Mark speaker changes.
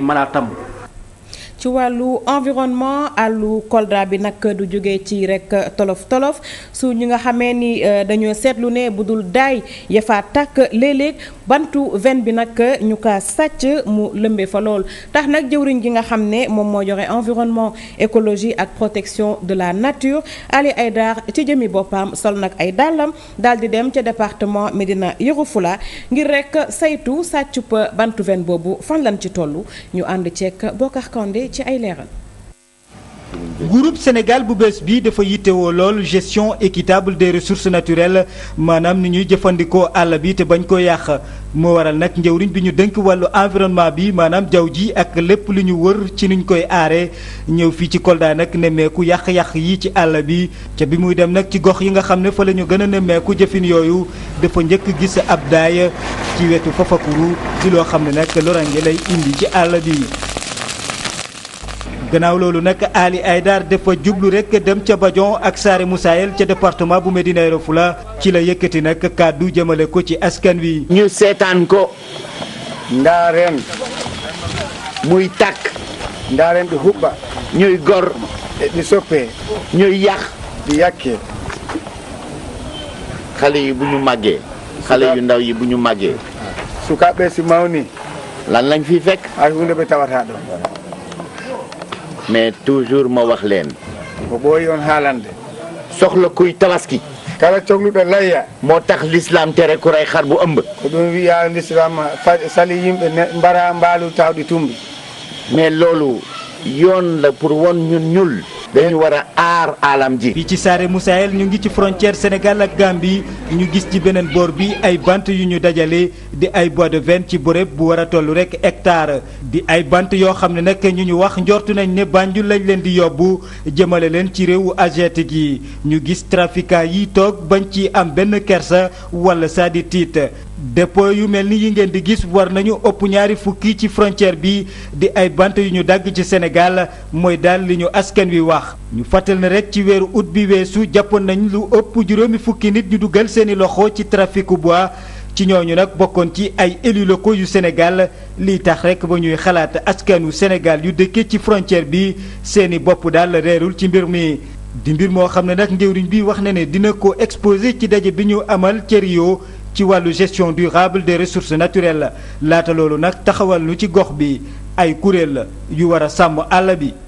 Speaker 1: ay tamb
Speaker 2: ci wàllu environnement àllu Kolda bi nag du jógee ci rek tolof tolof su ñi nga xamee ni euh, dañoo seetlu ne bu dul daay yafaa takk léeg bantu ven bi nag ñu kaa sàcc mu lëmbee fa lool tax nag jëwriñ gi nga xam ne moom moo joxe environnement écologie ak protection de la nature Ali ay Aydar ci jëmi boppam sol nag ay dàllam daal di dem ca département Médina Yoro Foulah ngir rek saytu sàccup bantu ven boobu fan lan ci tollu ñu ànd ceek Bokar Kandé ci ay leeral.
Speaker 1: groupe Sénégal bu bees bi dafa yittewoo lool gestion équitable de ressources naturelles maanaam ni ñuy jëfandikoo àll bi te bañ ko yàq moo waral nag njëwriñ bi ñu dënk wàllu environnement bi maanaam jaww ji ak lépp lu ñu wër ci niñ koy aaree ñëw fii ci Kolda nag nemmeeku yàq-yàq yi ci àll bi ca bi muy dem nag ci gox yi nga xam ne fa la ñu gën a nemmeeku jëfin yooyu dafa njëkk gis ab daay ci wetu Fafakuru ci loo xam ne nag lorange lay indi ci àll bi gannaaw loolu nag Ali Aydar dafa jublu rek dem ca bajon ak Saare Moussaël ca département bu Médina Yoro Foulah ci la yëkkati nag kàddu jëmale
Speaker 3: ko ci askan wi. ñu seetaan ko ndaareen muy tàkk ndaareen di hubba ñuy gor di soppee ñuy yàq di yàkkee xale yi bu ñu màggee xale yu ndaw yi bu ñu màggee sukaaɓe si mawni lan lañ fi fekk ay hunde ɓe tawata ɗon mais toujours ma wax leen ko ɓooyi haalande soxla kuy talaski kala cohluɓe layya moo tax l'islam tere ku rey xar bu ëmb ko ɗum wiya l'islam sali yimɓe mbara mbaalu tawɗi tumbi mais loolu yoon la pour won ñun ñul dañu war a aar
Speaker 1: alam ji. fii ci Saare Moussaël ñu ngi ci frontière Sénégal ak Gambie ñu gis ci beneen boor bi ay bant yu ñu dajale di ay bois de vène ci bërëb bu war a toll rek hectare di ay bant yoo xam ne nag ñu ñu wax njortu nañ ne Banjul lañ leen di yobbu jëmale leen ci réewu asiatique yi ñu gis trafiquants yi toog bañ ci am benn kersa wala saa di tiit. dépôt yu mel ni yi ngeen di gis war nañu ëpp ñaari fukki ci frontière bi di ay bant yu ñu dagg ci Sénégal mooy daal li ñu askan wi wax ñu fàttal ne rek ci weeru août bi weesu jàppoon nañ lu ëpp juróomi fukki nit ñu dugal seeni loxo ci traficu bois ci ñooñu nag bokkoon ci ay élus yu Sénégal lii tax rek ba ñuy xalaat askan wu senegal yu dëkkee ci frontière bi seeni bopp daal reerul ci mbir mi di mbir moo xam ne nag njëwriñ bi wax na ne dina ko exposé ci daje bi ñu amal ci ci wàllu gestion durable des ressources naturelles laata loolu nag taxawal lu ci gox bi ay kuréel yu war a sàmm àll bi